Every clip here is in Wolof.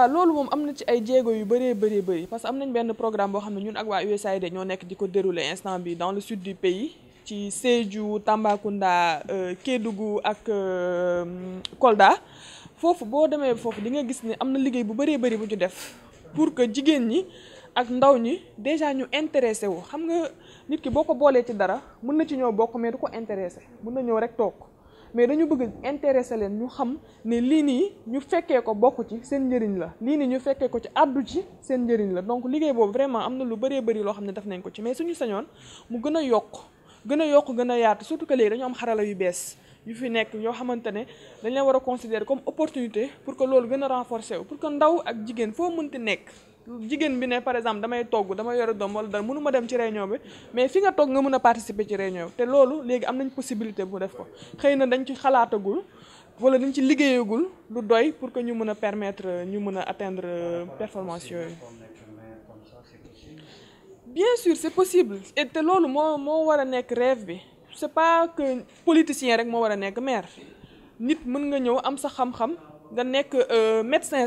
waaw loolu moom am na ci ay jéego yu bëree bëree bëri parce que am nañ benn programme boo xam ne ñun ak waa USAID ñoo nekk di ko dérouler instant bi dans le sud du pays ci Sédhiou Tambacounda euh, Kédougou ak euh, Kolda foofu boo demee foofu di nga gis ni am na liggéey bu bëree bëri bu ñu def pour que jigéen ñi ak ndaw ñi déjà ñu intéressé wu xam nga nit ki boo ko boolee ci dara mun na ci ñëw bokk mais du ko intéressé mun na ñëw rek toog mais dañu bëgg intéressé leen ñu xam ne lii nii ñu fekkee ko bokk ci seen njëriñ la lii nii ñu fekkee ko ci àddu ci seen njëriñ la donc liggéey boobu vraiment am na lu bëree bëri loo xam ne daf nañ ko ci mais suñu sañoon mu gën a yokk gën a yokk gën a yaat surtout que léegi dañu am xarala yu bees yu fi nekk ñoo xamante ne dañ war a considérer comme opportunité pour que loolu gën a renforcer wu pour que ndaw ak jigéen foo mënti nekk bi par exemple damay togg dama à wala dara dem ci réunion bi mais fi nga a participer ci réunion am nañ possibilité bu def ko pour que permettre atteindre euh, performance bien sûr c'est possible et c'est rêve c'est pas que politicien rek mo maire nit mën nga ñëw am sa euh, médecin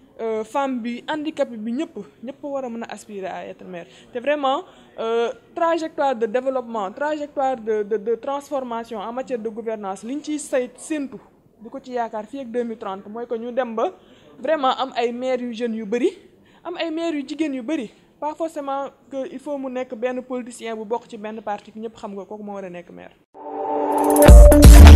Euh, femme bi handicap bi ñëpp ñëpp war a mën aspirer à être mère C'est vraiment euh, trajectoire de développement trajectoire de de de transformation en matière de gouvernance liñ ñu ciy say séntu di ko ci yaakaar fii ak 2030 mooy que ñu dem ba vraiment am ay maires yu jeunes yu bëri am ay mères yu jigéen yu bëri pas forcément que il faut mu nekk benn politicien bu bokk ci benn parti ñëpp xam nga kooku moo war a nekk maire